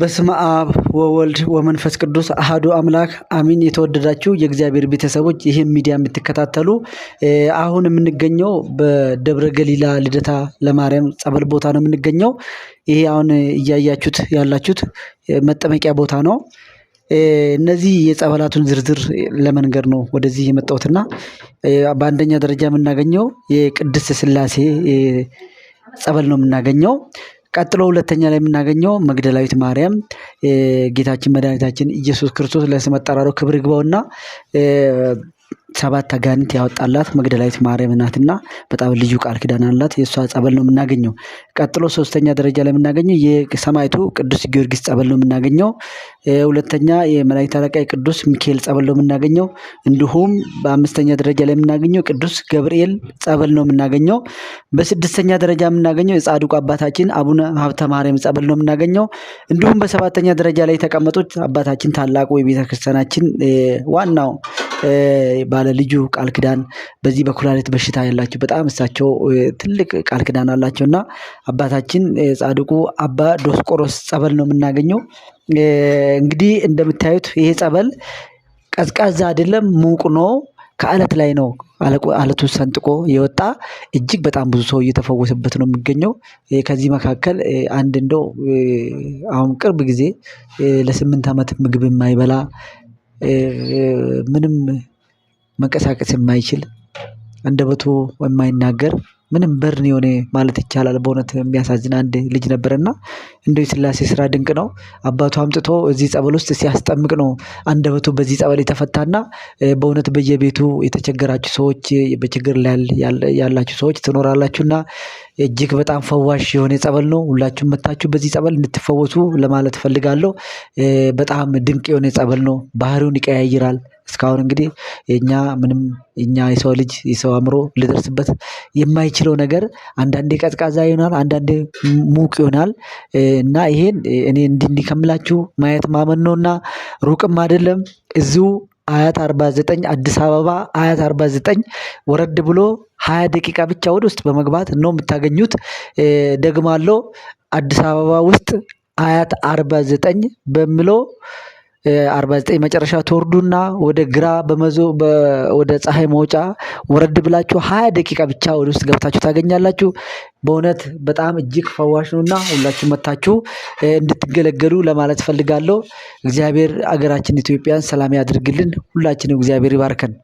በስመ አብ ወወልድ ወመንፈስ ቅዱስ አህዱ አምላክ አሚን። የተወደዳችሁ የእግዚአብሔር ቤተሰቦች ይህም ሚዲያ የምትከታተሉ አሁን የምንገኘው በደብረ ገሊላ ልደታ ለማርያም ጸበል ቦታ ነው የምንገኘው። ይሄ አሁን እያያችሁት ያላችሁት መጠመቂያ ቦታ ነው። እነዚህ የጸበላቱን ዝርዝር ለመንገር ነው ወደዚህ የመጣሁትና በአንደኛ ደረጃ የምናገኘው የቅድስት ስላሴ ጸበል ነው የምናገኘው። ቀጥሎ ሁለተኛ ላይ የምናገኘው መግደላዊት ማርያም ጌታችን መድኃኒታችን ኢየሱስ ክርስቶስ ለስመ አጠራሩ ክብር ይግባውና ሰባት አጋንንት ያወጣላት መግደላዊት ማርያም ናትና በጣም ልዩ ቃል ኪዳን አላት። የእሷ ጸበል ነው የምናገኘው። ቀጥሎ ሶስተኛ ደረጃ ላይ የምናገኘው የሰማይቱ ቅዱስ ጊዮርጊስ ጸበል ነው የምናገኘው። ሁለተኛ የመላእክት አለቃ ቅዱስ ሚካኤል ጸበል ነው የምናገኘው። እንዲሁም በአምስተኛ ደረጃ ላይ የምናገኘው ቅዱስ ገብርኤል ጸበል ነው የምናገኘው። በስድስተኛ ደረጃ የምናገኘው የጻድቁ አባታችን አቡነ ሀብተ ማርያም ጸበል ነው የምናገኘው። እንዲሁም በሰባተኛ ደረጃ ላይ የተቀመጡት አባታችን ታላቁ የቤተክርስቲያናችን ዋናው ባለ ልጁ ቃል ኪዳን በዚህ በኩላሊት በሽታ ያላቸው በጣም እሳቸው ትልቅ ቃል ኪዳን አላቸው እና አባታችን ጻድቁ አባ ዶስቆሮስ ጸበል ነው የምናገኘው። እንግዲህ እንደምታዩት ይሄ ጸበል ቀዝቃዛ አይደለም፣ ሙቅ ነው። ከአለት ላይ ነው አለቱ ሰንጥቆ የወጣ እጅግ በጣም ብዙ ሰው እየተፈወሰበት ነው የሚገኘው። ከዚህ መካከል አንድ እንደው አሁን ቅርብ ጊዜ ለስምንት ዓመት ምግብ የማይበላ ምንም መንቀሳቀስ የማይችል አንደበቱ የማይናገር ምንም በርን የሆነ ማለት ይቻላል በእውነት የሚያሳዝን አንድ ልጅ ነበረና እንደ ስላሴ ስራ ድንቅ ነው። አባቱ አምጥቶ እዚህ ጸበል ውስጥ ሲያስጠምቅ ነው አንደበቱ በዚህ ጸበል የተፈታና በእውነት በየቤቱ የተቸገራችሁ ሰዎች በችግር ላይ ያላችሁ ሰዎች ትኖራላችሁና እጅግ በጣም ፈዋሽ የሆነ ጸበል ነው። ሁላችሁም መታችሁ በዚህ ጸበል እንድትፈወሱ ለማለት ፈልጋለሁ በጣም ድንቅ የሆነ ጸበል ነው። ባህሪውን ይቀያይራል። እስካሁን እንግዲህ የእኛ ምንም እኛ የሰው ልጅ የሰው አእምሮ ልደርስበት የማይችለው ነገር አንዳንዴ ቀዝቃዛ ይሆናል፣ አንዳንዴ ሙቅ ይሆናል እና ይሄን እኔ እንዲህ ከምላችሁ ማየት ማመን ነውና ሩቅም አይደለም እዚሁ አያት 49 አዲስ አበባ አያት 49 ወረድ ብሎ 20 ደቂቃ ብቻ ወደ ውስጥ በመግባት ነው የምታገኙት። ደግማለሁ፣ አዲስ አበባ ውስጥ አያት 49 በሚለው 49 መጨረሻ ትወርዱና ወደ ግራ በመዞ ወደ ፀሐይ መውጫ ወረድ ብላችሁ 20 ደቂቃ ብቻ ወደ ውስጥ ገብታችሁ ታገኛላችሁ። በእውነት በጣም እጅግ ፈዋሽ ነውና ሁላችሁ መታችሁ እንድትገለገሉ ለማለት ፈልጋለሁ። እግዚአብሔር አገራችን ኢትዮጵያን ሰላም ያድርግልን። ሁላችንም እግዚአብሔር ይባርከን።